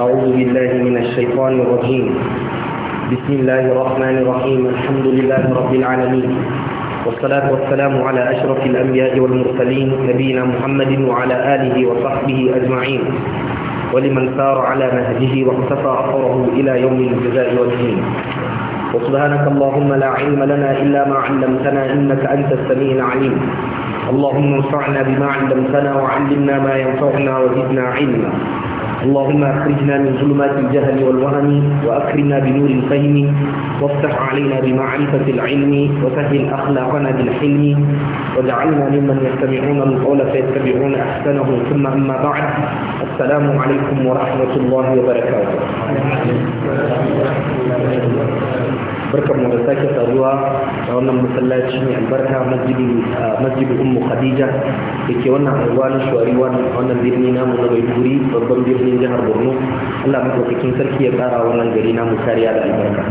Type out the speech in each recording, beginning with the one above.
أعوذ بالله من الشيطان الرجيم بسم الله الرحمن الرحيم الحمد لله رب العالمين والصلاة والسلام على أشرف الأنبياء والمرسلين نبينا محمد وعلى آله وصحبه أجمعين ولمن سار على نهجه واقتفى أثره إلى يوم الجزاء والدين وسبحانك اللهم لا علم لنا إلا ما علمتنا إنك أنت السميع العليم اللهم انفعنا بما علمتنا وعلمنا ما ينفعنا وزدنا علما اللهم اخرجنا من ظلمات الجهل والوهم واكرمنا بنور الفهم وافتح علينا بمعرفه العلم وسهل اخلاقنا بالحلم واجعلنا ممن يستمعون القول فيتبعون احسنه ثم اما بعد السلام عليكم ورحمه الله وبركاته barkar mu da sake saduwa da wannan masallaci mai albarka masjidi ummu khadija da ke wannan anguwa na shuwari wannan birni namu na maiduguri babban birnin jihar borno allah maɗaukakin sarki ya ƙara wannan gari namu kariya da albarka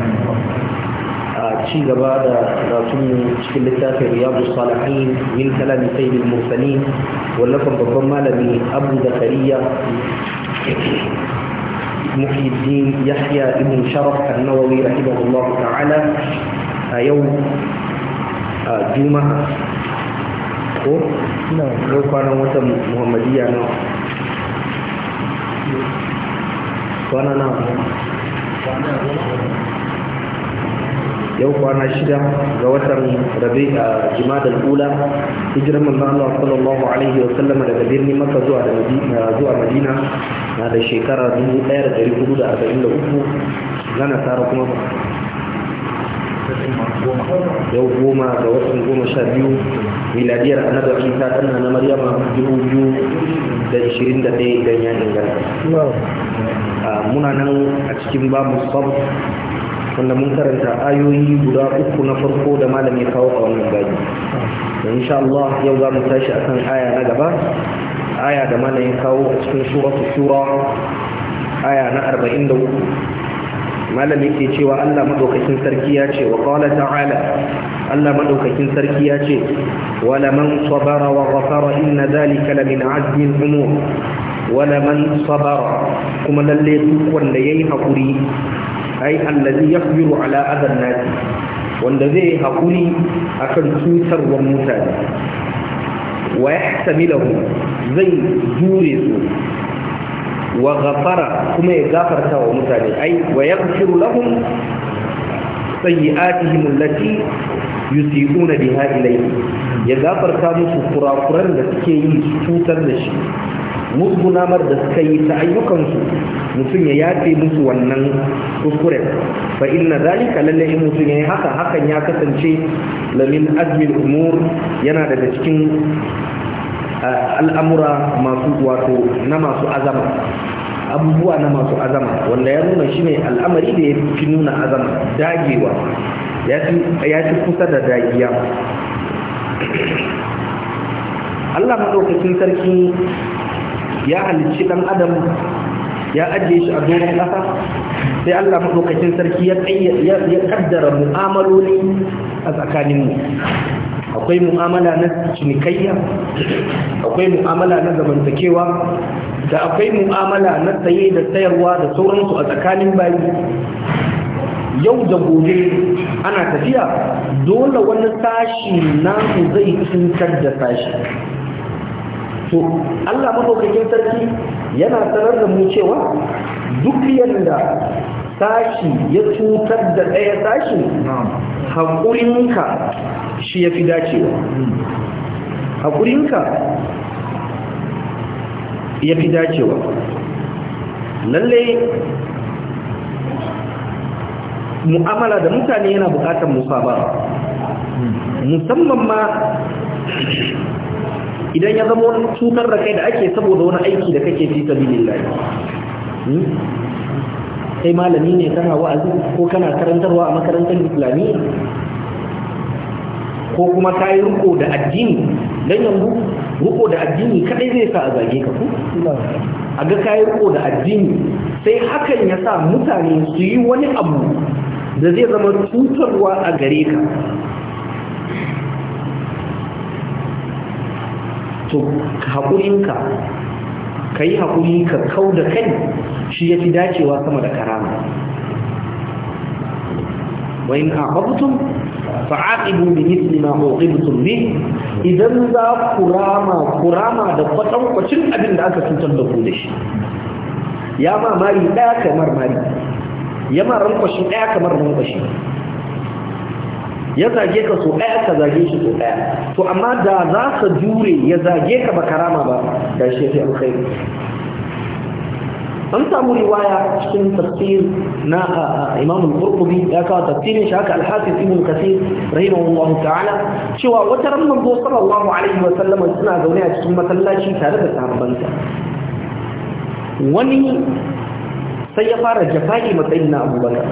a ci gaba da karatunmu cikin littafin riyadu salihin min kalami sayyidul mursalin wallafin babban malami abu zakariya محي الدين يحيى بن شرف النووي رحمه الله تعالى يوم جمعة ko? Yau kwanan wata Muhammadiyya na kwana na yau kwana shida ga watan rabi a jimadar ula hijirar manzan Allah sallallahu alaihi wa sallama daga birnin Makka zuwa zuwa madina na da shekara 1443 zana tara kuma yau goma ga watan goma sha biyu miladiyar annabar isa tana na maryama dubu biyu da ishirin da ɗaya idan ya inganta muna nan a cikin babu sabu wanda mun karanta ayoyi guda uku na farko da malam ya kawo a wannan babi da insha Allah yau za mu tashi a kan aya na gaba aya da malam ya kawo a cikin suratu shura aya na 43 malam yake cewa Allah madaukakin sarki ya ce wa qala ta'ala Allah madaukakin sarki ya ce wala man sabara wa ghafara inna dhalika lamin azmi al-umur wala man sabara kuma lalle duk wanda yayi hakuri ai allazi yaqdiru ala adan nasi wanda zai hakuri akan cutarwar mutane wa yahtamilahu zai jure su wa ghafara kuma ya gafarta wa mutane ai wa yaghfiru lahum sayyi'atihim allati yusiquna biha ilayhi ya gafarta musu kurakuran da suke yi cutar da shi musgunamar da suka yi ta ayyukansu mutum ya yafe musu wannan kuskure fa inna zalika lalle in mutum ya haka hakan ya kasance lamin azmin umur yana daga cikin al'amura masu wato na masu azama abubuwa na masu azama wanda ya nuna shi ne al'amari da ya fi nuna azama dagewa ya fi kusa da dagiya Allah maɗaukakin sarki ya halicci ɗan adam ya ajiye shi a doron ƙasa sai Allah maɗaukacin sarki ya ƙaddara mu'amaloli a tsakaninmu akwai mu'amala na cinikayya akwai mu'amala na zamantakewa da akwai mu'amala na saye da sayarwa da sauransu a tsakanin bayi yau da gobe ana tafiya dole wani sashi namu zai cutar da sashi to Allah mafaukakin sarki yana sanar da mu cewa duk yadda sashi ya cutar da ɗaya sashi haƙurinka shi ya fi dacewa haƙurinka ya fi dacewa lallai mu'amala da mutane yana bukatar musaba hmm. musamman ma idan ya zama wani cutar da kai da ake saboda wani aiki da kake fi sabilillah hmm? kai malami ne kana wa'azi ko kana karantarwa a makarantar islamiyya ko kuma ka yi riko da addini don yanzu riko da addini kadai zai sa a zage ka ku a ga ka yi riko da addini sai hakan ya sa mutane su yi wani abu da zai zama cutarwa a gare ka to haƙurinka ka yi haƙuri ka kau da kai shi ya fi dacewa sama da karama wa in aqabtum fa'aqibu bi mithli ma uqibtum bi idan za ku rama kurama da kwatankwacin abin da aka cutar da ku da shi ya mamari ɗaya kamar mari ya ma rankwashi ɗaya kamar rankwashi ya zage ka so ɗaya ka zage shi so ɗaya to amma da za ka jure ya zage ka ba karama ba da shi fi alkhairi an samu riwaya cikin tafsir na imam al-qurtubi ya kawo tafsirin shi haka al-hafiz ibn kathir rahimahullah ta'ala cewa wata ran manzo sallallahu alaihi wa sallam suna zaune a cikin masallaci tare da sahabbansa wani sai ya fara jafa'i matsayin na abubakar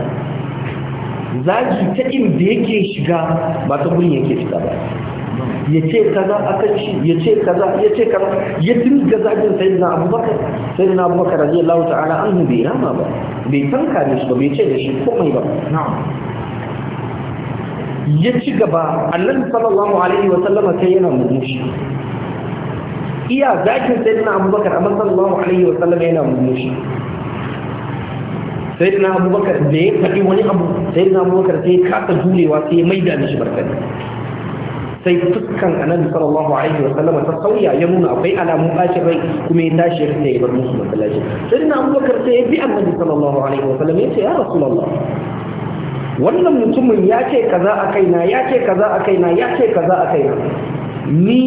zaki ta in da yake shiga ba ta gurin yake fita ba ya ce kaza aka ci ya ce kaza ya ce kaza ya dinga zagin sai na abubakar sai na abubakar radiyallahu ta'ala an bai rama ba bai tanka ne shi ba bai ce da shi mai ba ya ci gaba allah sallallahu alaihi wa sallama sai yana murmushi iya zakin sai na abubakar amma sallallahu alaihi wa sallama yana murmushi sai na abubakar da ya faɗi wani abu sai na abubakar sai kasa jurewa sai ya maida mishi martani sai fuskan annabi sallallahu alaihi wa sallama ta sauya ya nuna akwai alamun bacin rai kuma ya tashi ya ya bar musu masallaci sai na abubakar sai ya bi annabi sallallahu alaihi wa sallam ya ce ya rasulullah wannan mutumin ya ce kaza a kaina ya ce kaza a kaina ya ce kaza a kaina ni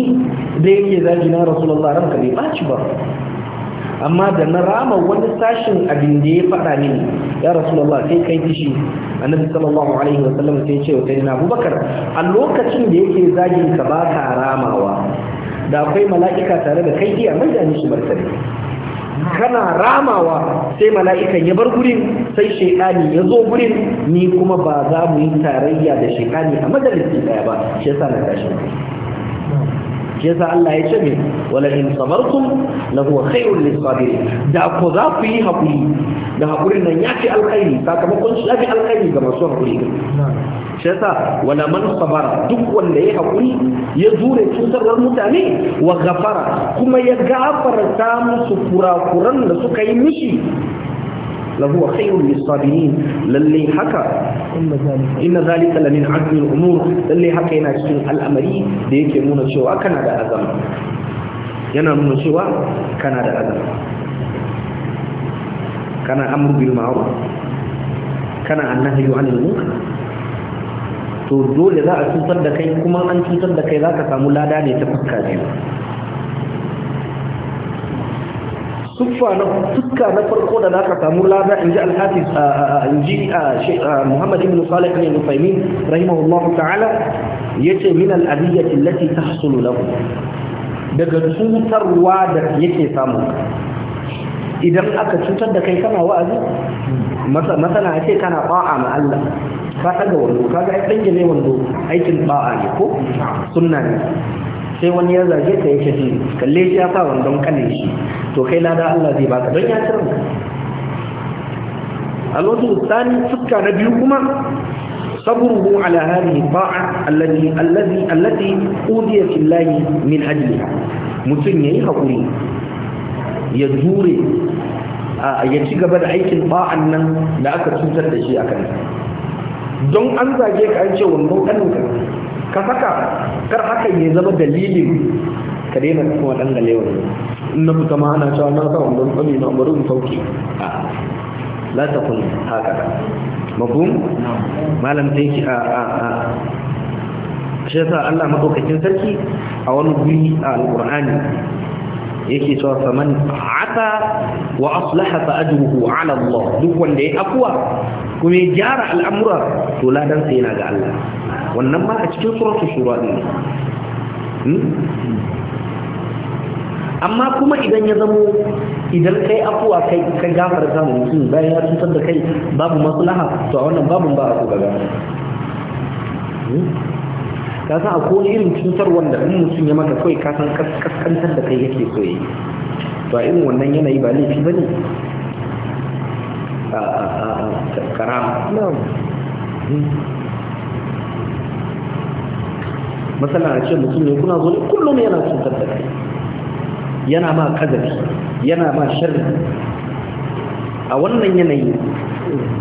da yake zagi na rasulullah ranka bai baci ba amma da na rama wani sashin abin da ya faɗa mini ya rasulullah sai kai fishi annabi sallallahu alaihi wa sallam sai ce wa na abubakar a lokacin da yake zagin ka ba ka ramawa da akwai mala'ika tare da kai iya mai da shi martani kana ramawa sai mala'ikan ya bar gurin sai shaidani ya zo gurin ni kuma ba za mu yi tarayya da shaidani a majalisi daya ba shi yasa na tashi yasa Allah ya ce me wala in sabartum lahu khairul lisabirin da ko za ku yi hakuri da hakurin nan ya fi alkhairi sakamakon shi ya alkhairi ga masu hakuri shi yasa wala man sabara duk wanda ya hakuri ya zure cutarwar mutane wa gafara kuma ya gafarta musu kurakuran da suka yi mishi lahuwa khairun lisabirin lalle haka inna zalika lamin azmi al-umur lalle haka yana cikin al'amari da yake nuna cewa kana da azama yana nuna cewa kana da azama kana amru bil ma'ruf kana annahyu 'anil munkar to dole za a cutar da kai kuma an cutar da kai za ka samu lada ne ta fuska biyu suffa na na farko da zaka samu lada in ji alhafiz in ji muhammad ibn salih ibn nufaimin rahimahullah ta'ala yace min al'adiyyati allati tahsulu lahu daga cutarwa da yake samu idan aka cutar da kai kana wa'azi masana ake kana ba'a ma Allah ka daga wando kaga ai dangane wando aikin ba'a ne ko sunna ne sai wani ya zage ka ya shafi kalle shi ya sa wandon kanin shi to kai lada Allah zai baka don ya cire alwasu tsani fuska na biyu kuma صبره على هذه الطاعة allati allati التي أوذي في الله mutum ya yi ya jure ya ci gaba da aikin ba'an nan da aka cutar da shi a don an zage ka an ce wannan ɗaninka ka saka kar haka ya zama dalilin ka daina kuma dan galewa in na fita ma ana cewa na sa wannan tsami na bari in sauke a la ta kun haka mafhum malam sai ki a a a shi yasa Allah madaukakin sarki a wani guri a alqur'ani yake cewa faman ata wa aslaha fa ajruhu ala Allah duk wanda ya afwa kuma ya gyara al'amura to ladan sai yana ga Allah wannan ma a cikin suratul shura ne. Hmm? amma kuma idan ya zamo idan kai afuwa kai kai gafar samu mutum bayan ya tutar da kai babu maslaha to a wannan babun ba a ko gaga hmm? ka san akwai irin cutar wanda in mutum ya maka kai ka san kaskantar da kai yake so yi to a irin wannan yanayi ba laifi bane a karama matsala a ce mutum ne kuna zo ne kullum yana cutar da kai yana ma kazafi yana ma shirin a wannan yanayi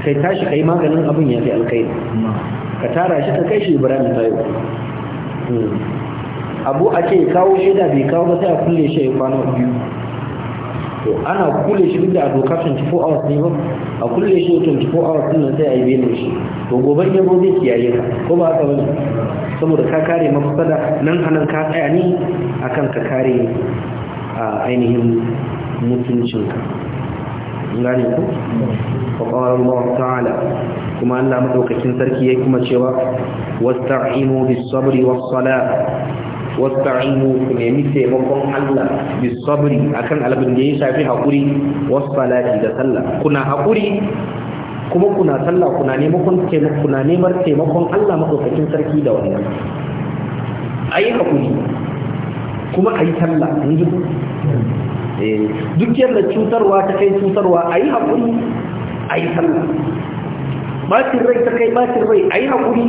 kai tashi kai maganin abin ya fi alkaida ka tara shi ka kai shi ibrahim yi hmm. abu a ce kawo shaida bai kawo ba sai a kulle shi ya kwana biyu to ana kulle shi da a doka 24 hours ne ba a kulle shi 24 hours din sai a yi benin shi to gobe ne ba zai kiyaye ka ko ba haka bane saboda ka kare mafsada nan anan ka tsaya ne akan ka kare a ainihin mutuncinka gani ku faƙawar Allah ta'ala kuma Allah maɗaukakin sarki ya kuma cewa imo bi sabri was salat imo ku nemi taimakon Allah bi sabri akan alabin da ya shafi haƙuri, was salati da sallah kuna haƙuri. kuma kuna sallah kuna neman kuna neman taimakon Allah madaukakin sarki da wannan ayi hakuri kuma ayi sallah yanzu eh, duk yadda cutarwa ta kai cutarwa ayi hakuri ayi sallah bacin rai ta kai bacin rai ayi hakuri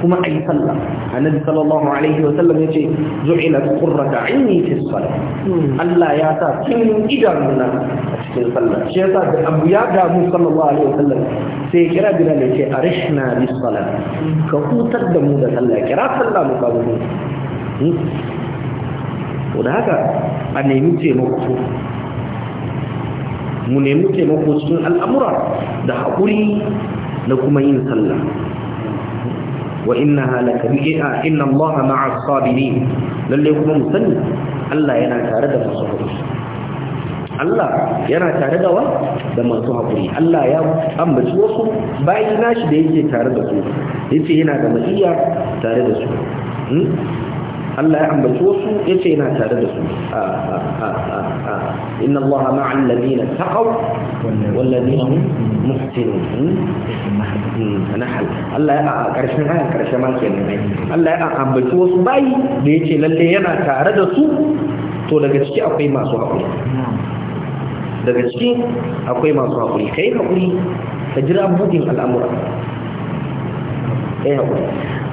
kuma a yi sallah annabi sallallahu alaihi wa sallam ya ce, yace ju'ila qurrata aini fi salat Allah ya sa kin idanuna a cikin sallah shi yasa da abu ya damu sallallahu alaihi wa sallam sai kira bila ne ce arishna bi salat ka hutar da mu da sallah kira sallah mu kawo mu to hmm? da haka a nemi taimako mu nemi taimako cikin al'amura da haƙuri da kuma yin sallah wa innaha lakabi'a inna Allah ma'a as-sabirin lalle kuma mu sani Allah yana tare da masu hakuri Allah yana tare da wa da masu hakuri Allah ya ambaci wasu bayi nashi da yake tare da su yace yana da maiya tare da su hmm? Allah ya ambaci wasu ya ce yana tare da su inna Allah ma'an ladina taqaw wal ladina hum muhsinun hmm? Hmm, nahal Allah ya a karshen ayar karshe ma kenan ai Allah ya ambaci wasu bayi da yace lalle yana tare da su to daga ciki akwai masu hakuri daga ciki akwai masu hakuri kai hakuri ka jira bugin al'amura kai hakuri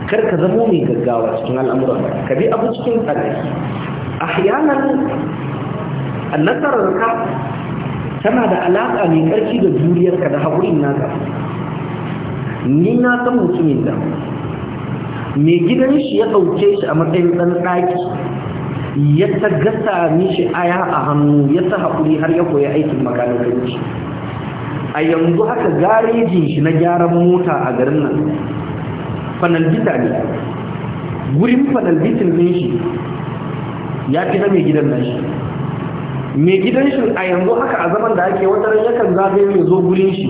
karka ka zamo mai gaggawa cikin al'amuran ka bi abu cikin tsanaki a nasarar ka tana da alaƙa mai ƙarfi da juriyarka da haƙurin naka ni na san mutumin da mai gidan shi ya ɗauke shi a matsayin ɗan ɗaki ya ta gasa mishi aya a hannu ya ta haƙuri har ya koya aikin makanikanci a yanzu haka garejin shi na gyaran mota a garin nan fanalbita ne gurin fanalbitin din shi ya fi na mai gidan nan shi mai gidan shi a yanzu haka a zaman da ake wata ran yakan zaɓe mai zo gurin shi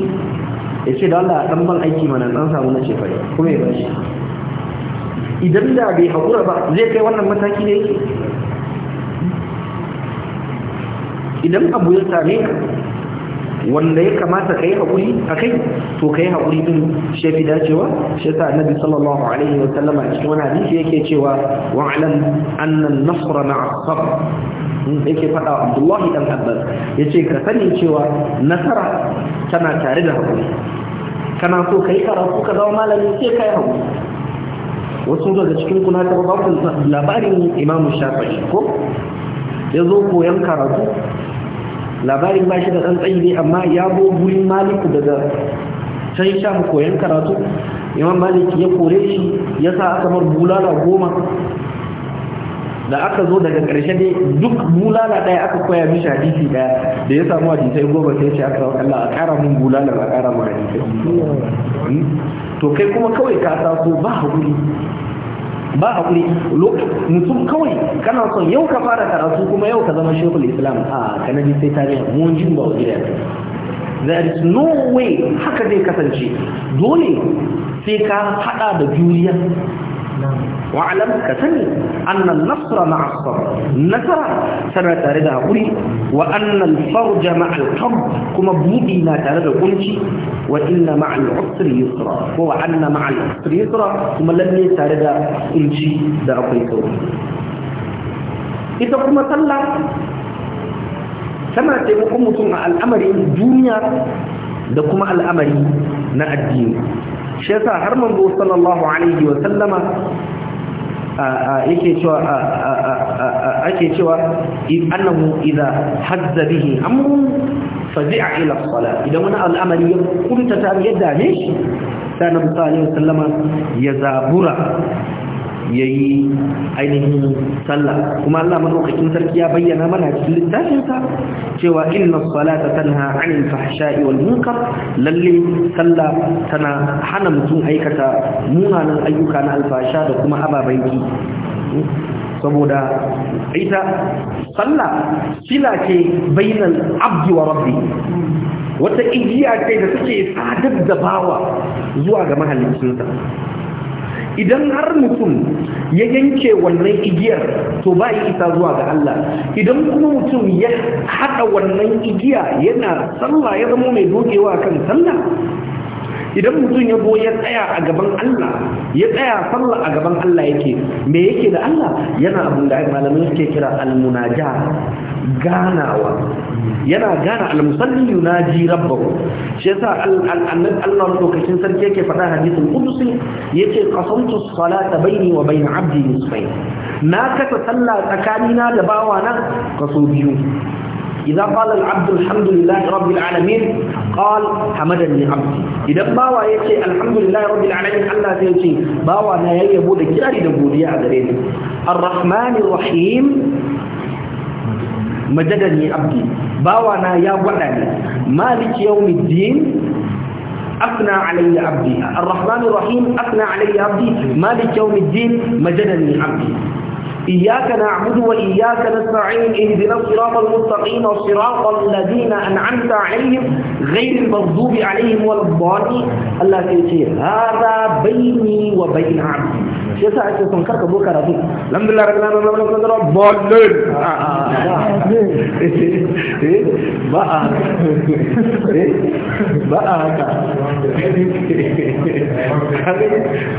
ya ce da Allah dan ban aiki mana an samu na cefa kuma ya bashi idan da bai haƙura ba zai kai wannan mataki ne idan abu ya same ka wanda ya kamata ka kai hakuri kai to ka yi hakuri din shi dacewa shi yasa annabi sallallahu alaihi wa sallama a cikin wani hadisi yake cewa wa alam anna an-nasra ma'a sabr hmm, yake faɗa Abdullahi dan Abbas yace ka sani cewa nasara tana tare da hakuri kana so yi karatu ka zama malami sai ka yi hakuri wasu daga cikin kuna ta ba labarin Imam Shafi'i ko ya zo koyon karatu labarin ba shi da tsantsayi ne amma ya bo gurin maliku daga can sha koyon karatu imam maliki ya kore shi ya sa aka mar bulala goma da aka zo daga ƙarshe dai duk bulala ɗaya aka koya mishi hadisi ɗaya da ya samu hadisai goma sai ce aka Allah a ƙara mun bulala a ƙara mun hadisai hmm? to kai kuma kawai ka taso ba hakuri ba haƙuri mutum kawai kana son yau ka fara karatu kuma yau ka zama shekul islam a kanadi sai tarihi mun jin ba wajen yanzu there is no way haka zai kasance dole sai ka hada da juriya wa'alam ka sani annan nasra na asfar nasara sana tare da haƙuri wa annan farja ma'al kam kuma budi na tare da kunci wa inna ma'al usri yusra ko wa anna ma'al usri yusra kuma lalle tare da kunci da akwai sauri ita kuma sallah tana taimakon mutum a al'amarin duniya da kuma al'amari na addini shi yasa har manzo sallallahu alaihi wa sallama yake cewa ake cewa annahu idza hazza bihi amrun fazi'a ila salat idan wani al'amari ya kunta ta yadda ne shi sai nabi sallallahu alaihi wa sallama ya zabura yayi ainihin sallah kuma Allah maɗaukakin sarki ya bayyana mana cikin littafin cewa inna salata tanha 'anil fahasha'i wal munkar lalle sallah tana hana mutum aikata munanan ayyuka na alfasha da kuma ababen ki saboda ita sallah sila ce bayanan abdi wa rabbi wata igiya ce da take sadar da bawa zuwa ga mahallin idan har mutum ya yanke wannan igiyar to ba ya isa zuwa ga Allah idan kuma mutum ya haɗa wannan igiya yana sallah ya zama mai dogewa kan sallah idan mutum ya zo ya tsaya a gaban Allah ya tsaya sallah a gaban Allah yake me yake da Allah yana abin da malamai suke kira almunaja ganawa yana gana almusalli yunaji rabbahu shi yasa annabi Allah lokacin sarki yake faɗa hadisin qudusi yace qasamtu salata baini wa baina abdi nisfain na kasa sallah tsakanina da bawana kaso biyu idza qala al-abdu alhamdulillahi rabbil alamin qal hamadani abdi idan bawa yace alhamdulillahi rabbil alamin Allah sai yace bawa na yayyabo da kirari da godiya a gare ni arrahmanir rahim majadani abdi bawa na ya gwada ni maliki yawmiddin أثنى علي عبدي الرحمن الرحيم أثنى علي عبدي مالك يوم الدين مجدني عبدي إياك نعبد وإياك نستعين اهدنا الصراط المستقيم صراط الذين أنعمت عليهم غير المغضوب عليهم ولا الضالين الله هذا بيني وبين عبدي shi yasa ake son karka zo karatu alhamdulillah rabbil alamin rabbil alamin eh, ba a ba a haka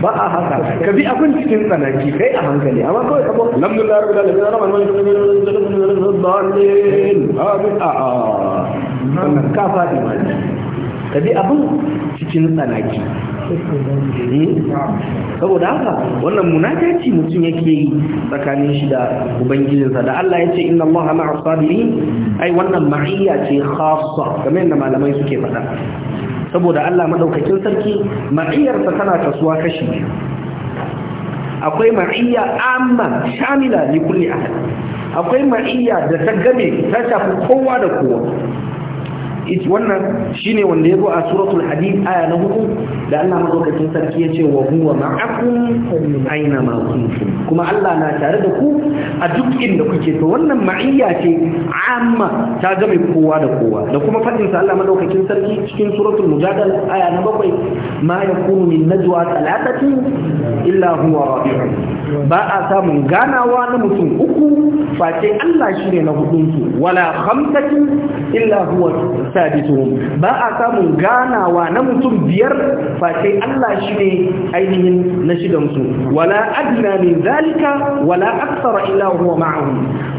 ba a haka ka bi abin cikin tsanaki kai a hankali amma kawai ka bo alhamdulillah rabbil alamin rabbil alamin a a ka fadi ma ka bi abin cikin tsanaki saboda haka wannan munafirci mutum yake yi tsakanin shi da ubangijinsa da Allah ya ce inna Allah ma'a sabirin ai wannan ma'iyya ce khassa kamar yadda malamai suke faɗa saboda Allah madaukakin sarki ma'iyyarsa tana kasuwa kashi akwai ma'iyya amma shamila li kulli ahad akwai ma'iyya da ta game ta shafi kowa da kowa wannan shine wanda yazo a suratul hadid aya na hudu da Allah madaukakin sarki yace wa huwa ma'akum aina ma kuntum kuma Allah na tare da ku a duk inda kuke to wannan ma'iyya ce amma ta game kowa da kowa da kuma fadin sa Allah madaukakin sarki cikin suratul mujadala aya na bakwai ma yakunu min najwa thalathatin illa huwa rabi'un ba a samun ganawa na mutum uku face Allah shine na hudunsu wala khamsatin illa huwa ba a samun ganawa na mutum biyar Fasai Allah shine ainihin na shigan su wala adna min zalika wala aksara illa huwa ma'ahum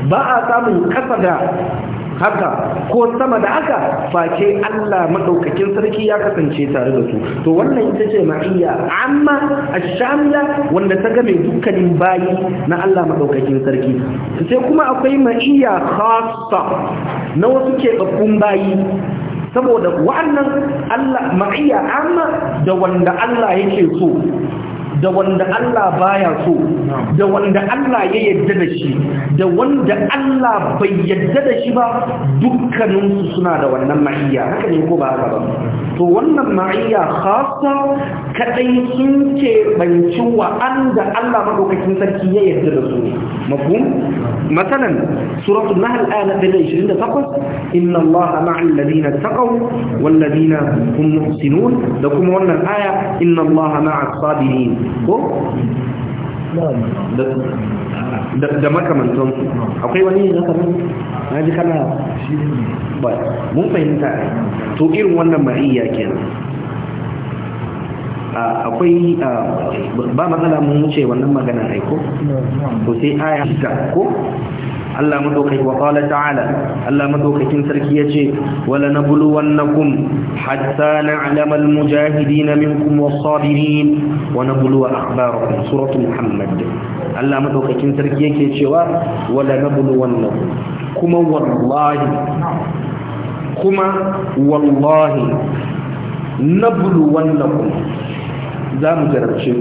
ba a samun kasa da haka ko sama da haka face Allah madaukakin sarki ya kasance tare da su to wannan ita ce ma'iyya amma ash-shamila wanda ta game dukkanin bayi na Allah madaukakin sarki sai kuma akwai ma'iyya khassa na wasu ke babbun bayi saboda wa'annan Allah ma'iyya amma da wanda Allah yake so da wanda Allah baya so da wanda Allah ya yadda da shi da wanda Allah bai yadda da shi ba dukkanin suna da wannan ma'iyya haka ne ko ba haka ba to wannan ma'iyya khassa kadai sun ce banci wa anda Allah madaukakin sarki ya yadda da su mafhum مثلا سورة النحل آية 28 إن الله مع الذين اتقوا والذين هم محسنون لكم قلنا الآية إن الله مع الصابرين ko da makamantan akwai wani yin haka na ji kana ba mun fahimta to irin wannan mariya kenan akwai ba matsala mun wuce wannan magana aiko ko sai aya ta ko Allah madaukakin wa qala ta'ala Allah madaukakin sarki yace wala nabluwannakum hatta na'lama al-mujahidin minkum was-sabirin wa nabluwa akhbarakum suratu muhammad Allah madaukakin sarki yake cewa wala nabluwannakum kuma wallahi kuma wallahi nabluwannakum za mu jarabce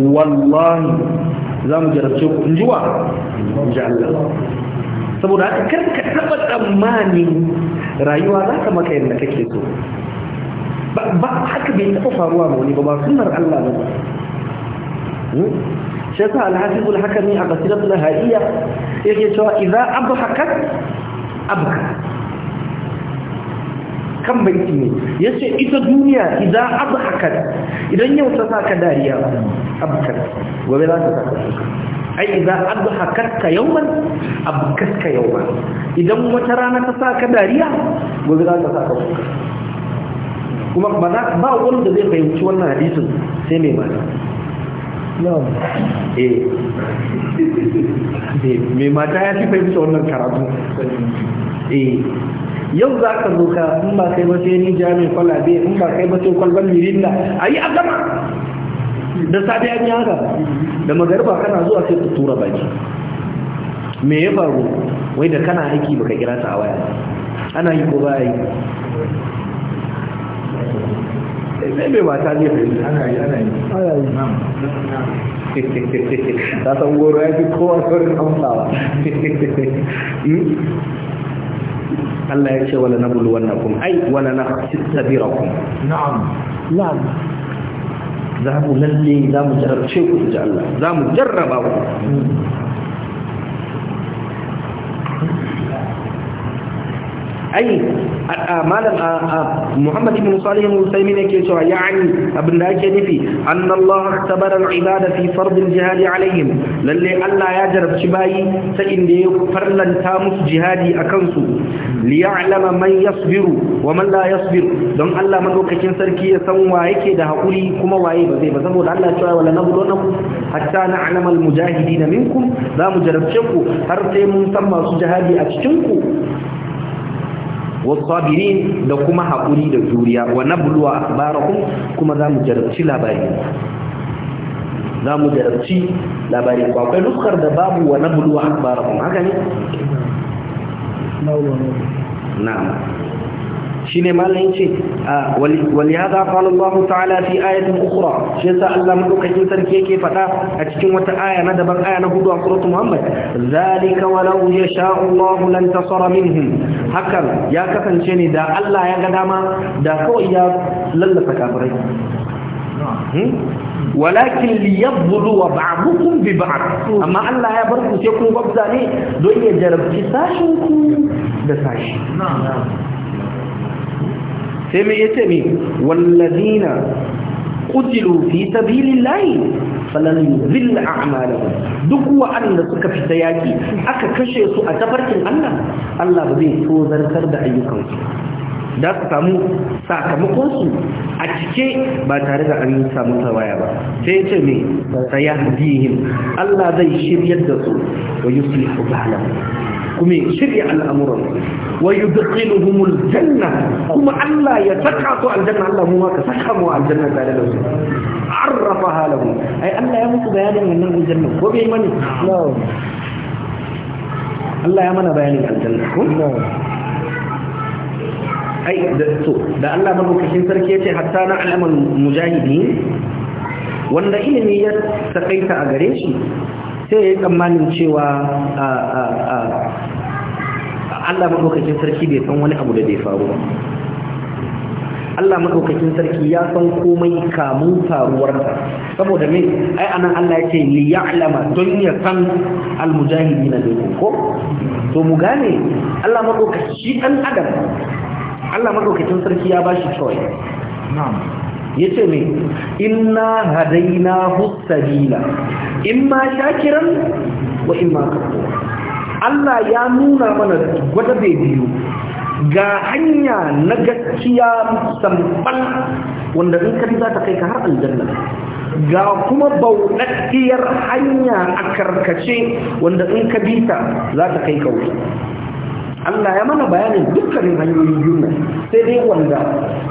wallahi za mu jarabce ku in saboda haka karka taba tsammanin rayuwa za ta maka yadda kake so ba haka bai taba faruwa ma wani ba ba sunar Allah ba hmm? shi yasa alhafiz alhakami a basiratul hadiya yake cewa idza abu abka kan banki ne ya ce ita duniya idan abu hakan idan yau ta saka dariya abu kan gobe za ta saka ai idan addu'a katka yawman abu katka yawman idan wata rana ta sa ka dariya gobe za ta sa ka kuka kuma ba ba wanda zai fahimci wannan hadisin sai mai mata eh. eh mai mata ya fi fahimci wannan karatu eh yau za ka zo ka in ba kai ba sai ni jami'in kwalabe in ba kai ba sai kwalban mirinda a yi a gama da sabi an yi haka da magarba kana zuwa sai ku tura baki me ya faru wai da kana aiki baka kira ta a waya ana yi ko ba yi ne mai mata ne ana yi ana yi ana yi ta san goro ya fi kowa saurin amsawa hmm? Allah ya ce wala na bulu wannan kuma ai wala na sabira kuma na'am na'am za mu lalle za mu jarabce ku ji Allah za mu jarraba ku ai malam Muhammad ibn Salih al-Uthaymeen yake cewa ya'ani abin da yake nufi annallaha tabara al-ibada fi fard al-jihad alaihim lalle Allah ya jarabci bayi ta inda ya farlanta musu jihadi akan su li ya'lama man yasbiru wa man la yasbir don Allah madaukakin sarki ya san wa yake da hakuri kuma waye ba zai ba saboda Allah ya cewa wala nabudunum hatta na'lama al-mujahidin minkum za mu jarabce ku har sai mun san masu jihadi a cikin ku wasabirin da kuma Hakuri da juriya wa nabluwa akhbarakum kuma zamu jarabci labari zamu jarabci labari akwai nuskar da babu wa nabluwa akhbarakum haka ne na'am shine malamin ce ah, waliyaza qala Allah ta'ala fi ayatin ukhra shi yasa Allah madaukakin sarki yake fada a cikin wata aya na daban aya na hudu a suratul Muhammad zalika walau yasha Allah lan tasara minhum hakan ya kasance ne da Allah ya ga dama da kawai ya lallasa kafirai hmm? walakin liyabdu wa ba'dukum bi ba'd amma Allah ya bar ku sai kun gwabza ne don ya jarabci sashin ku da sashi sai me yace ne wallazina qutilu fi sabilillahi falan yuzil a'malahum duk wa'anda suka fita yaki aka kashe su a tafarkin Allah Allah ba zai so zartar da ayyukansu da su samu sakamakonsu a cike ba tare da an samu tawaya ba sai ce ne sayahdihim Allah zai shiryar da su wa yuslihu balahu kuma ya shirya al'amuran wa yudkhiluhum aljanna kuma Allah ya saka su aljanna Allah mu ma ka saka mu aljanna tare da su arrafa halahu ai Allah ya muku bayanin wannan aljanna ko bai mani Allah ya mana bayanin aljanna ko ai da to da Allah madaukakin sarki yace hatta na al'amal mujahidin wanda ilimi ya takaita a gare shi sai ya tsammanin cewa Allah madaukakin sarki bai san wani abu da bai faru ba Allah madaukakin sarki ya san komai kamun faruwarsa saboda me ai anan Allah ya ce li ya'lama don ya san almujahidina da ko to mu gane Allah shi dan adam Allah madaukakin sarki ya bashi choice na'am yace me inna hadaina husabila imma shakiran wa imma kafur Allah ya nuna mana gwada bai biyu ga hanya na gaskiya sambal wanda in ka za ta kai ka har aljanna ga kuma bauɗaɗɗiyar hanya a karkace wanda in ka bita za ta kai ka wuce Allah ya mana bayanin dukkanin hanyoyin biyuna sai dai wanda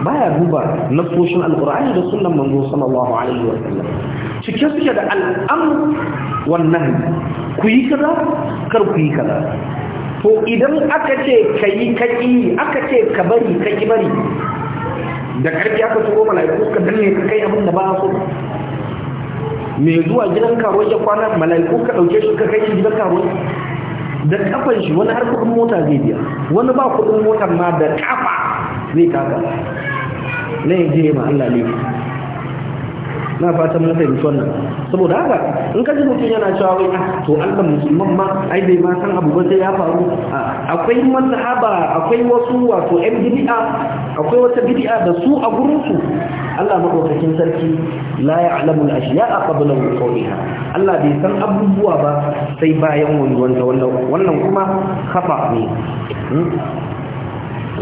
baya duba nasoshin alkur'ani da sunan manzo sallallahu alaihi wa sallam cike suke da al'am wannan ku yi kaza kar ku yi kaza to idan aka ce ka yi kaƙi aka ce ka bari kaki bari da ƙarfi aka turo mala'iku ka danne ka kai abin da ba so mai zuwa gidan karo ya kwana mala'iku ka ɗauke shi ka kai shi gidan karo da kafan shi wani har kudin mota zai biya wani ba kudin mota ma da kafa zai taka na yaje ma Allah ne na fatan mun fahimci wannan saboda haka in ka ji mutum yana cewa wai ah, to Allah musulman ma ai bai ma san abu ba sai ya faru akwai mazhaba akwai wasu wato 'yan bid'a akwai wata bid'a da su a gurin su Allah madaukakin sarki la ya'lamu al-ashya'a qabla wuqu'iha Allah bai san abubuwa ba sai bayan wanzuwanta wannan wannan kuma kafa ne hmm?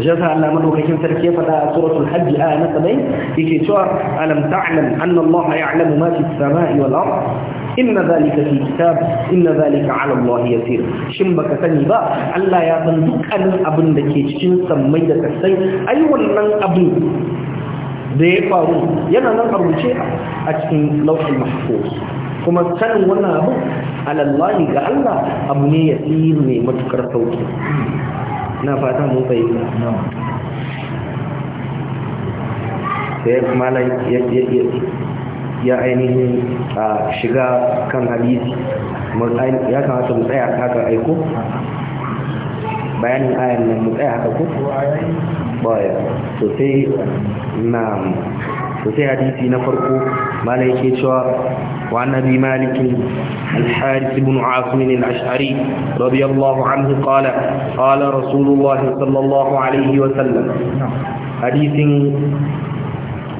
وجزا الله منه كيف تركيا فدا سورة الحج آية نسبين يكي شوار ألم تعلم أن الله يعلم ما في السماء والأرض إن ذلك في كتاب إن ذلك على الله يسير shin baka sani ba Allah ya san dukkanin abin da ke cikin sammai da kasai ai wannan abin da ya faru yana nan a cikin lauhin mahfuz kuma sanin wannan abu alallahi ga Allah abu ne ya tsiri ne matukar sauki na fata mun fahimta sai malam ya ainihin a shiga kan hadisi ya kamata mu tsaya haka aiko bayanin ayan nan mu tsaya haka ko baya sosai na وفي حديث نفرق مالك شوى وعن أبي مالك الحارث بن عاصم الأشعري رضي الله عنه قال قال رسول الله صلى الله عليه وسلم حديث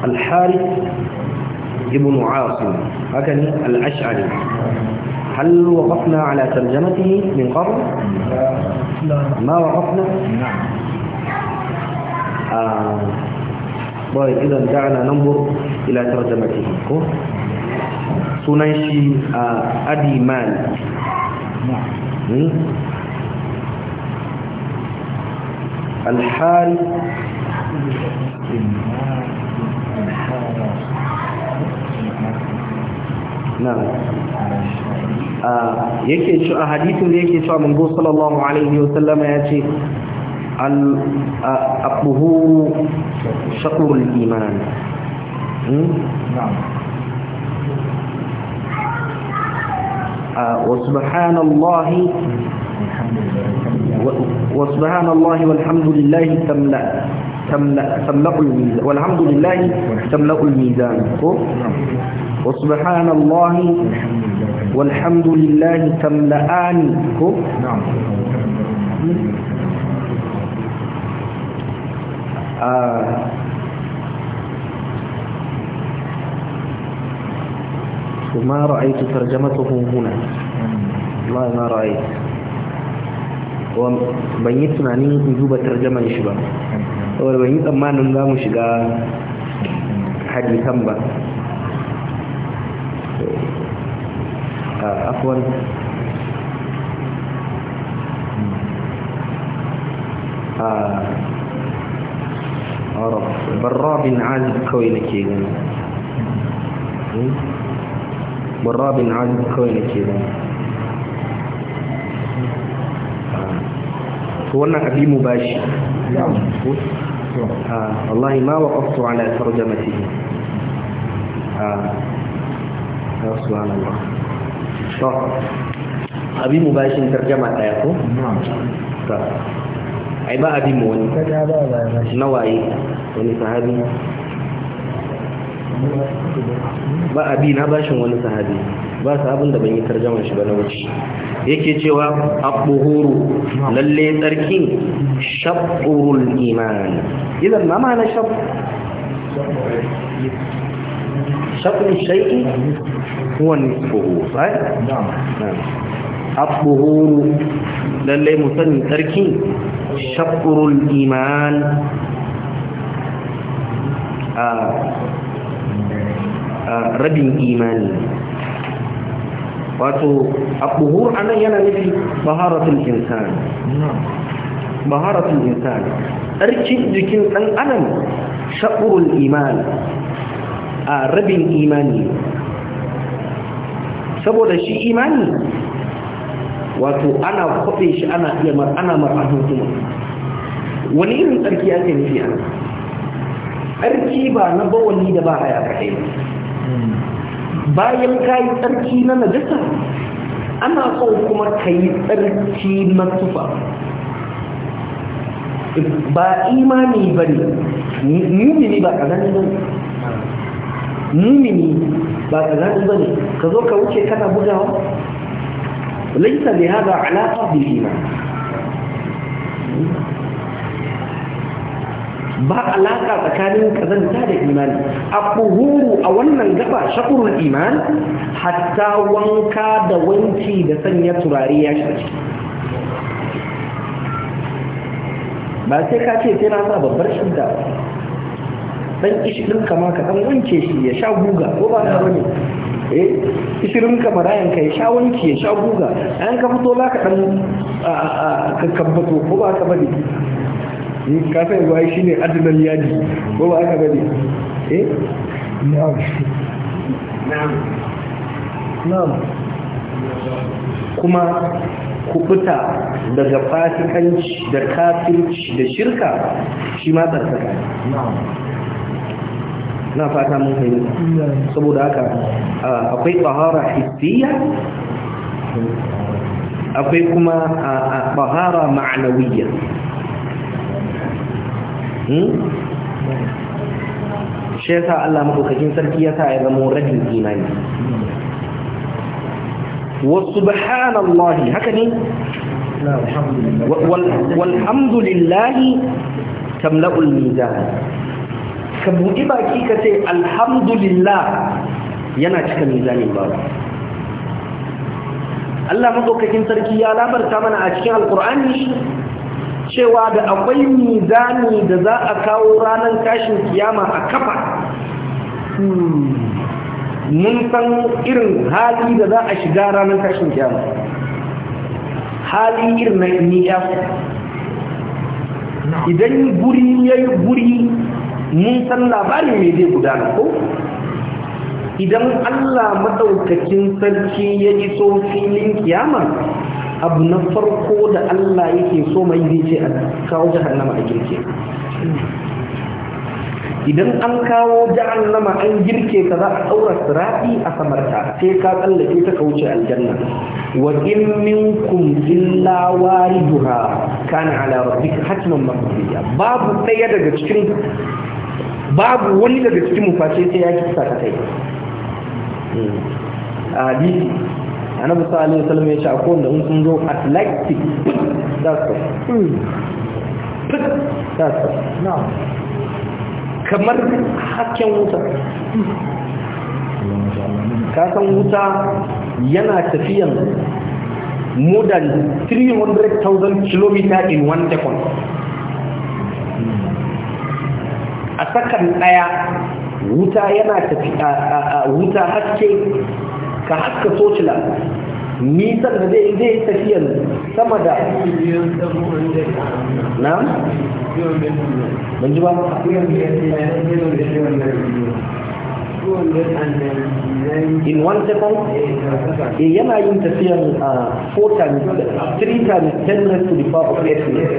الحارث بن عاصم هكذا الأشعري هل وقفنا على ترجمته من قبل؟ ما وقفنا؟ نعم طيب اذا دعنا ننظر الى ترجمته سنيشي ادي مال الحال نعم آه يكي شو حديث يكي شو من صلى الله عليه وسلم يأتي الطهور شطر الإيمان نعم. وسبحان الله وسبحان الله والحمد لله تملأ تملأ تملأ الميزان والحمد لله تملأ الميزان نعم. وسبحان الله والحمد لله تملأان نعم ما رأيت ترجمته هنا والله ما رأيت ban yi tunanin in duba tarjaman shi ba saboda ban yi tsammanin za mu shiga hadisan ba a عرف براب عازب كوين كيدن براب عازب كوين آه. هو تولنا أبي مباشر آه. الله ما وقفت على ترجمته آه. سبحان الله طب أبي مباشر ترجمة آياته نعم طيب. ai ba abin mu wani nawaye wani sahabi ba abi na bashin wani sahabi ba sahabin da ban yi tarjaman shi ba na wuce yake cewa abuhuru lalle tsarki shaburul iman idan ma mana shab shabrul shay'i huwa nisfuhu sai na'am abuhuru lallai mu sani sarki shakurul iman a rabin imani wato abuhur anan yana nufi baharatul insan baharatul insan tsarkin jikin ɗan adam shakurul iman a rabin imani saboda shi imani wato ana kwaɗe shi ana iya mar ana kuma wani irin tsarki ake nufi ana tsarki ba na bawali da ba haya kaɗai bayan ka yi tsarki na najasa ana so kuma ka yi tsarki na tufa ba imani ba ne mumini ba ƙazani ba ne mumini ba ƙazani ba ne ka zo ka wuce kana bugawa ليس لهذا علاقة بالإيمان ba alaka tsakanin kazanta da imani abuhuru a wannan gaba shakurul iman hatta wanka da wanki da sanya turare ya shi ba sai ka ce sai na sa babbar shidda dan ishi din kama ka wanke shi ya sha guga ko ba ta wani. eh ishirin ka marayan ka ya sha wanki ya sha guga an ka fito za ka dan ka kabbato ko ba ka bane ka san ruwa shi ne adinan yadi ko ba ka bane eh na'am na'am na'am kuma kubuta daga fasikanci da kafirci da shirka shi ma tsarkaka na fata mun fahimta saboda haka akwai tsahara hissiya akwai kuma tsahara ma'anawiyya hmm? shi yasa Allah madaukakin sarki yasa ya zama radin imani wa subhanallahi haka ne walhamdulillahi tamla'ul mizan ka buɗi baki ka ce alhamdulillah yana cika mizanin bawa Allah maɗaukakin sarki ya labarta mana a cikin alkur'ani cewa da akwai nizami da za a kawo ranar tashin kiyama a kafa mun san irin hali da za a shiga ranar tashin kiyama hali irin na e idan guri ya yi guri mun san labarin me zai gudana ko idan Allah madaukakin sarki ya iso filin kiyama abu na farko da Allah yake so mai zai ce a kawo jahannama a girke idan an kawo jahannama an girke ka za a ɗaura sirafi a samarta sai ka tsallake ta kauce aljanna wa in minkum illa waridha kana ala rabbika hatman mabdiya babu ɗaya daga cikin babu wani daga cikin mufashe sai ya ki kisa ka kai hmm. a hadisi annabi sallallahu alaihi wasallam ya ce a kowanne in sun zo atlantic that's it hmm. that's kamar hakken wuta kasan wuta yana tafiyan more than 300,000 km in one second a sakan ɗaya wuta yana tafiya wuta haske ka haska tocila nisan da zai zai yanzu. sama da na? ban ji ba? in one second eh, yana yin tafiya a ah, 4 times 3 times 10 raised to the power of eight minutes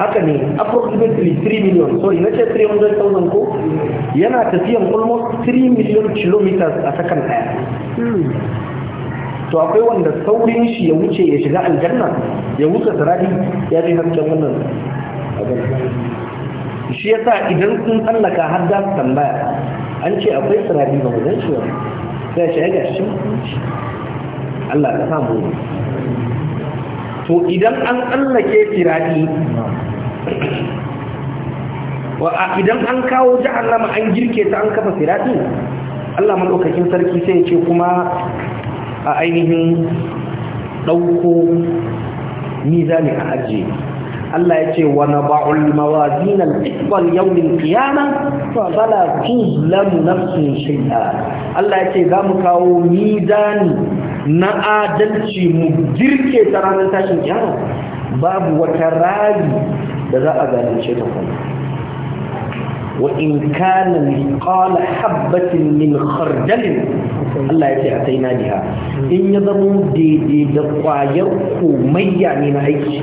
haka ne approximately 3 million sorry na ce thousand ko yana tafiyan almost 3 million kilometers a sakan daya to akwai wanda saurin shi ya wuce ya shiga aljanna ya wuce sarari ya je hasken wannan shi yasa idan sun tsallaka har za su tambaya an ce akwai sarari ba mu zan ciwa sai ce ga shi Allah ka samu to idan an tsallake sirabi idan an kawo jahannama an girke ta an kafa sirabi Allah maɗaukakin sarki sai ya ce kuma a ainihin ɗauko mizani a ajiye Allah ya ce wa naba'ul mawazin al-qital yawm fa fala tuzlamu nafsun shay'a Allah ya ce za mu kawo mizani na adalci mu girke ta ranar tashin kiyama babu wata rari da za a zalunce ta kuma wa in kana liqala habatin min khardal Allah ya ce a sai na biha in ya zama daidai da kwayar komayya ne na aiki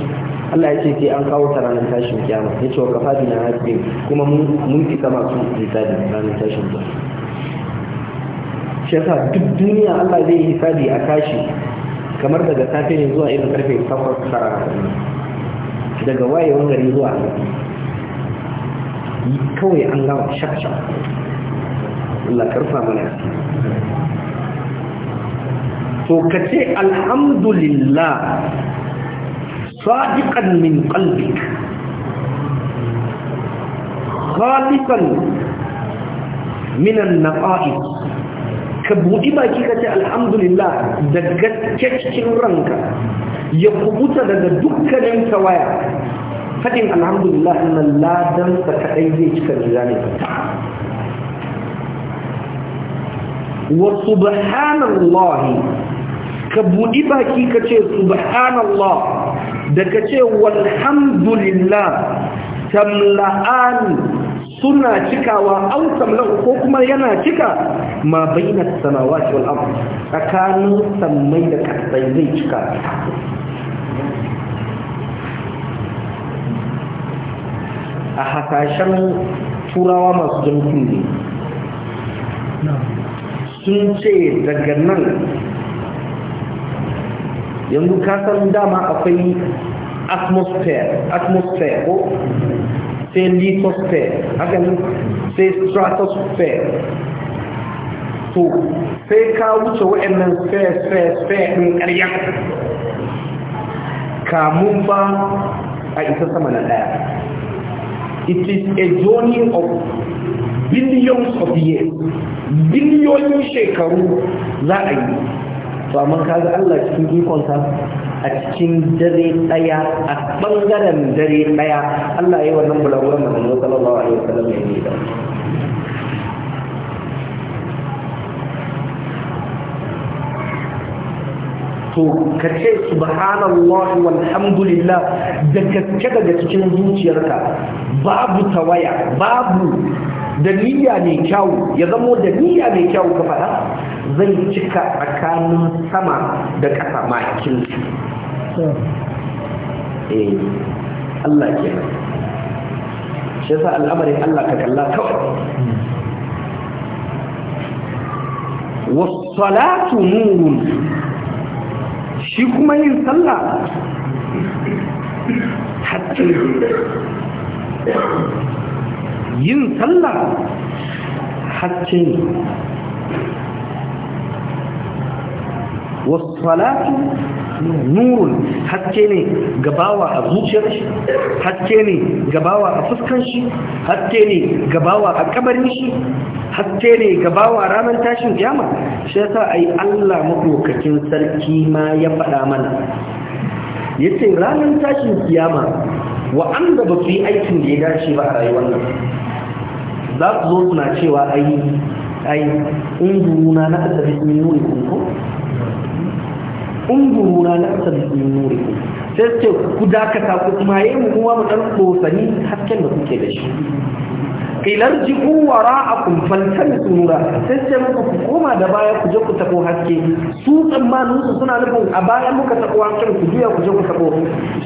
Allah ya ce sai an kawo ta ranar tashin kiyama ya ce wa kafa na hasbin kuma mun fi kama su hisabi ranar tashin kiyama shi yasa duk duniya Allah zai yi hisabi a kashi kamar daga safe ne zuwa irin karfe 8 tara daga wayewar gari zuwa kawai an gama shakasha Allah karfa mana to kace alhamdulillah sadiqan min qalbik khalisan min an-naqa'id kabuti baki kace alhamdulillah daga cikin ranka ya kubuta daga dukkanin tawaya fadin alhamdulillah inna la dan ka kai zai zane wa subhanallahi kabuti baki kace subhanallahi daga ce walhamdulillah tamla'an suna cikawa an tamla'u ko kuma yana cika ma bayyana samawati shi ardh tsakanin sammai da kasai zai cika a hasashen turawa masu jamhuri sun ce daga nan yanzu ka san dama akwai atmosphere atmosphere ko sai lithosphere haka ne sai stratosphere to sai ka wuce waɗannan sphere sphere sphere ɗin ƙarya kamun ba a isa sama na ɗaya it is a journey of billions of years biliyoyin shekaru za a yi to amma kaga Allah cikin ikonsa a cikin dare daya a bangaren dare daya Allah ya yi wannan bulaguran manzo sallallahu alaihi wasallam ya yi da to ka ce subhanallahi walhamdulillah da kaske daga cikin zuciyarka babu tawaya babu da niyya mai kyau ya zamo da niyya mai kyau ka faɗa zai cika tsakanin sama da ƙasa makin eh Allah kenan shi yasa al'amarin Allah ka kalla kawai wasalatu nurun shi kuma yin sallah hatta yin sallah hatta wasu nurun haske ne gabawa a zuciyar shi haske ne gabawa a fuskan shi haske ne gabawa a kabarin shi haske ne gabawa ranar tashin kiyama shi ya yasa ai Allah madaukakin sarki ma ya faɗa mana Ya ce ranar tashin kiyama wa'anda ba su yi aikin da ya dace ba a rayuwar nan za su zo suna cewa ai ai in na na asali sun yi kunko unzuru na la'asar min nurikum sai ce ku dakata ku kuma yi mu kuma mu dan kosani hasken da kuke da shi kilar jiku wara'akum faltamisu nura sai ce muku ku koma da baya ku je ku tabo haske su tsammanin su suna nufin a bayan muka tabo haske ku juya ku je ku tabo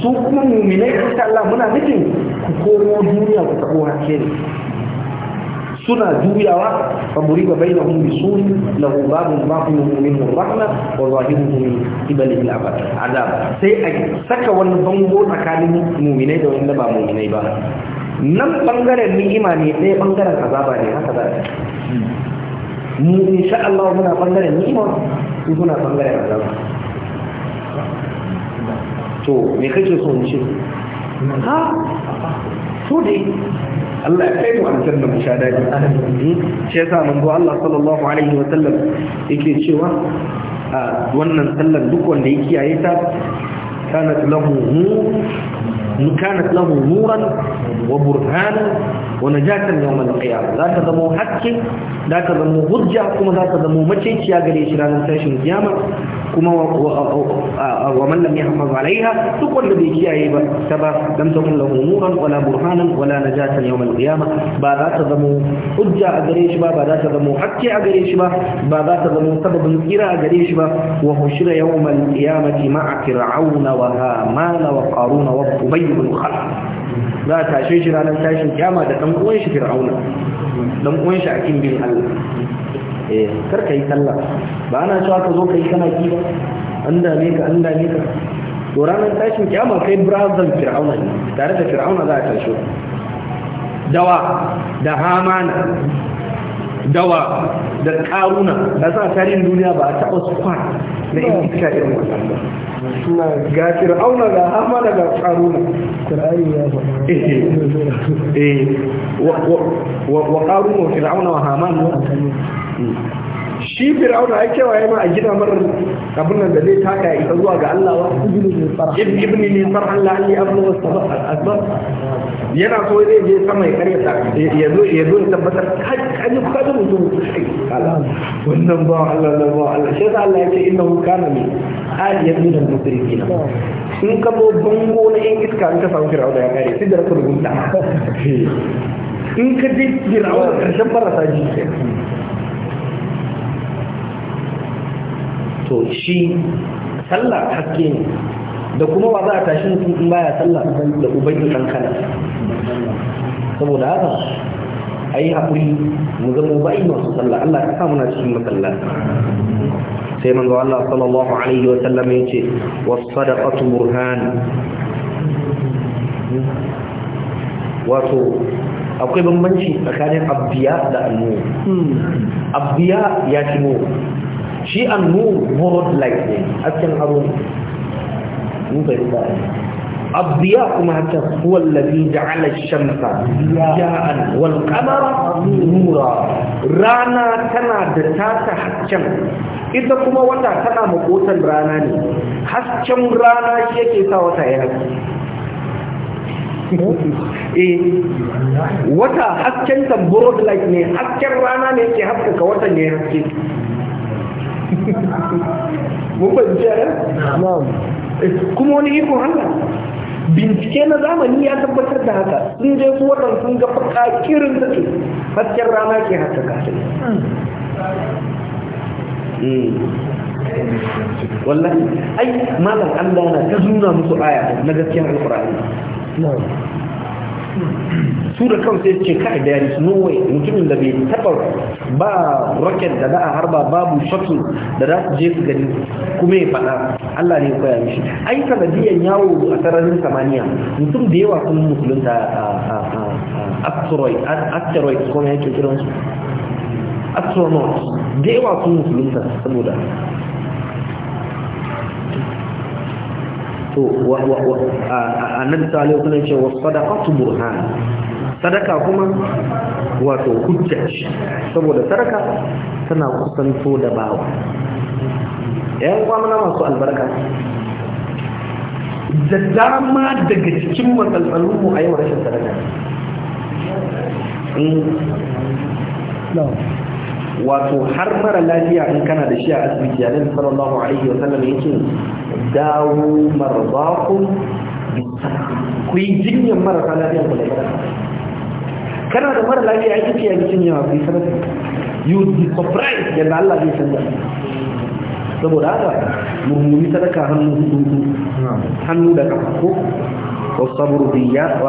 su kuma mu'minai insha Allah muna nufin ku komo duniya ku tabo haske ne suna juyawa fa muriba bainahum bisun lahu babun baqinuhu minhu rahma wa zahiruhu min qibalihi al-abad azab sai a saka wannan bango tsakanin mu'minai da wanda ba mu'minai ba nan bangaren ni'ima ne ɗaya bangaren azaba ne haka za ta. mu insha Allah muna bangaren ni'ima su muna bangaren azaba to me kake so in ce ha so dai Allah ya kai mu aljanna mu sha daɗi shi yasa manzo Allah sallallahu alaihi wa sallam yake cewa wannan sallar duk wanda ya kiyaye ta kanat lahu kanat lahu nuran wa burhanan wani jakan yau mana kiyama za ta zamo haske za ta zamo hujja kuma za ta zamo maceciya gare shi ranar tashin kiyama kuma wa mallam ya yahmaz alaiha duk wanda bai kiyaye ba ta ba lam ta lahu nuran wala burhanan wala najatan yawm al-qiyamah ba za ta zamo hujja a gare shi ba ba za ta zamo hakke a gare shi ba ba za ta zamo sababin tsira a gare shi ba wa hushira yawm al-qiyamati ma'a fir'auna wa hamana wa qaruna wa ubayy bin khalq za a tashe shi ranar tashin kyama da ɗan uwan shi fir'auna ɗan uwan shi a kin bin Allah eh kar ka yi sallah ba ana cewa ka zo ka yi kana ki ba an dame ka an dame ka to ranar tashin kyama kai brazil fir'auna ne tare da fir'auna za a tashe dawa da hamana dawa da karuna da sa tarihin duniya ba a taɓa su kwan na yin iska irin wata ga fir'auna da hama daga karuna fir'auni ya ba eh, eh, eh wa karuna wa fir'auna wa hama haman shi fir'auna ya kewa ya ma a gina marar abin nan da zai taka ya isa zuwa ga Allah wa ibn ne farhan la ali abnu wasaba al-akbar yana so zai je sama ya karya ya zo ya tabbatar kai kaji kaji mutum kala wannan ba Allah na ba Allah shi yasa Allah ya ce innahu kana min aliyan min al-musrikin in ka bo bango na yan iska in ka samu fir'auna ya kare sai da rasul gunta in ka je ji fir'auna karshen barasa ji to shi sallah haske ne da kuma ba za a tashi mutum in baya sallah da ubangi kankana saboda haka a yi haƙuri mu zama bayi masu sallah Allah ya samu na cikin masalla sai manzo Allah sallallahu alaihi wa sallam ya ce wasadaqatu burhan wato akwai bambanci tsakanin abbiya da Annu. abbiya ya ci mu shi annur borrowed light ne asken aro mun bai ba الضياء ما هو الذي جعل الشمس ضياء والقمر نورا رانا كما دتاتا حكم ita kuma wata tana makotan rana ne hasken rana shi sa wata ya eh wata hasken ta broad light ne hasken rana ne yake haskaka watan ya haske mun fahimci kuma wani iko hala. bincike na zamani ya tabbatar da haka sun je su waɗansu sun ga farka kirin ke hasken rana ke haka kasai hmm. wallahi ai malam Allah na ta zuna musu aya na gaskiyar alƙur'ani su da kansu ya ce kai da yaris no way mutumin da bai taɓa ba rocket da da, a ba babu shuttle da za su je su gani kuma ya faɗa Allah ne ya koya mishi ai sanadiyan yawo a sararin samaniya mutum da yawa sun musulunta a asteroid kuma yake kiransu astronaut da yawa sun musulunta saboda to annabi salihu kuma ce wa sadaqatu burhan sadaka kuma wato hujja saboda sadaka tana kusanto da bawa yan kwamana masu albarka da dama daga cikin matsaltsalunmu a yi rashin sadaka hmm. wato har mara lafiya in kana da shi a asibiti ya nabi sallallahu alaihi wa sallam yake dawo marbakum ku yi jinyar marasa lafiya ku da kana da mara lafiya ake ce yanzu jinya ku yi sanata you would be surprised yadda Allah zai canza saboda haka mummuni sadaka hannu hudu hannu da kafa ko wasabru biya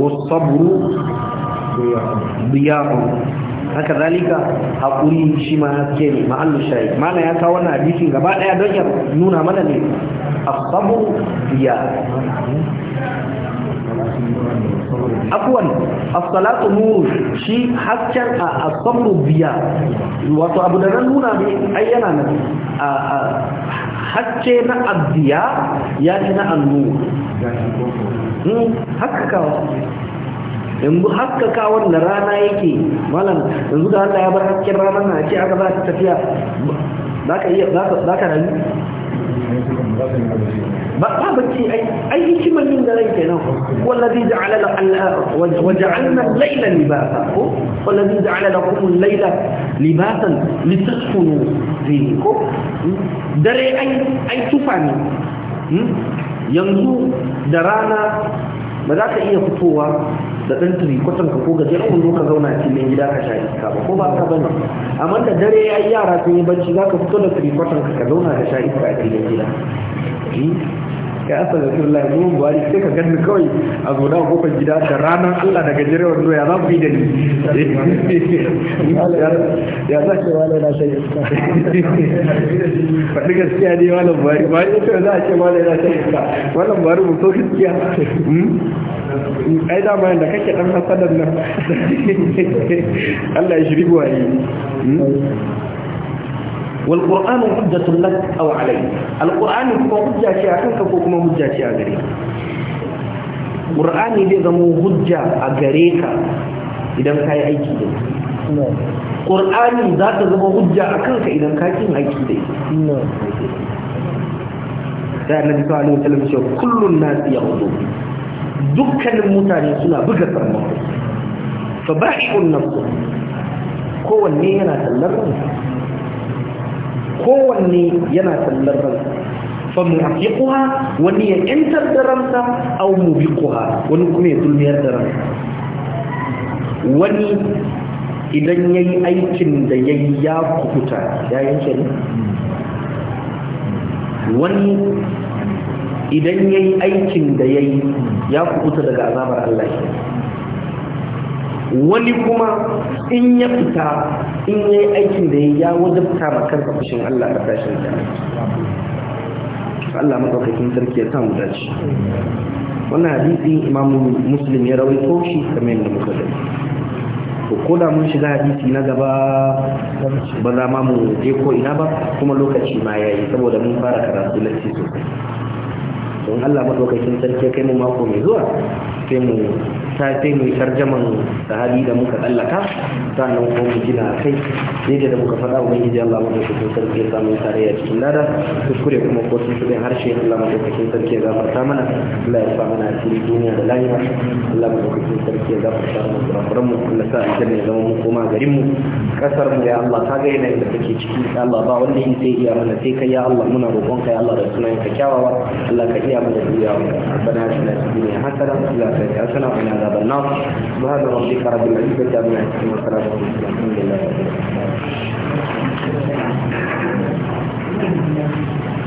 wasabru biya haka zalika haƙuri shi ma haske ne ma'allu shayi mana ya kawo wannan hadisin gaba ɗaya don ya nuna mana ne asabu biya afwan as-salatu nur shi hakkan a asabru biya wato abu da nan nuna ne ai yana nan a hakke na abdiya ya ci na annu hmm, haka kawo yanzu haskaka wanda rana yake malam yanzu da Allah ya bar hasken rana na ce aka za ta tafiya za ka iya za ka rayu ba ba ce ai ai hikimar yin da rai kenan wallazi ja'ala la waja'alna al-layla libasa ko wallazi ja'ala lakum al-layla libasan litaskunu fihi ko dare ai ai tufa ne hmm? yanzu da rana ba za ka iya fitowa da ɗan turi kwatan ka ko gajiyar kun zo ka zauna a filin gida ka sha iska ba ko ba ka bane amma da dare ya yi yara sun yi bacci za ka fito da turi kwatan ka ka zauna ka sha iska a cikin gida hmm? ka asa da sun lai mun buhari sai ka gani kawai a zo da kofar gida da ranar allah daga jirewar doya za ku yi da ni ya za ce wale na shayi faɗi gaskiya ne wale buhari buhari ya ce za a ce wale na shayi wale buhari mu so gaskiya hmm? ai dama yadda kake ɗan hasadar nan allah ya shiri buwaye. wal qur'anu hujjatun lak aw alayk al qur'ani kuma hujja ce akan ka ko kuma hujja ce a gare ka qur'ani zai zama hujja a gare ka idan aiki da shi qur'ani za ta zama hujja a kanka idan ka kin aiki da shi da annabi sallallahu alaihi wasallam ce kullun nas dukkanin mutane suna buga sarmawa kowanne yana tallar kowanne yana tallar ransa mu haƙiƙuwa wani ya intar da ransa au mu bi kuwa wani kuma ya zulmiyar da ransa wani idan ya yi aikin da ya yi ya kukuta ya yanke ne wani idan ya aikin da ya ya kukuta daga azabar Allah wani kuma in ya fita in ya yi aikin da ya wajabta ma kan fushin Allah a tashin da Allah matsaukakin sarki ya samu dace wannan hadisi imamu muslim ya ko shi kamar yadda muka gani ko da mun shiga hadisi na gaba ba za ma mu je ko ina ba kuma lokaci ma ya yi saboda mun fara karatu na sosai don Allah matsaukakin sarki kai mu mako mai zuwa sai mu sai mai tarjaman sahabi da muka tsallaka sannan ko mu gina kai daidai da muka faɗa ubangiji Allah mu da cikin sarki ya samu tarayya cikin lada kuskure kuma ko sun su harshe Allah mu da cikin sarki ya gafarta mana Allah ya sa mana cikin duniya da lahira Allah mu da cikin sarki ya gafarta mana kurakuran mu Allah sa aljanna ne zama mu koma garin mu kasar mu ya Allah ka ga yanayin da take ciki Allah ba wanda in sai iya mana sai kai ya Allah muna roƙon kai ya Allah da sunan ka kyawawa Allah ka iya mana duniya wa rabbana atina fid dunya hasana wa ya akhirati mana عذاب النار سبحان ربك رب العزة عما يصفون وسلام على المرسلين الحمد لله رب العالمين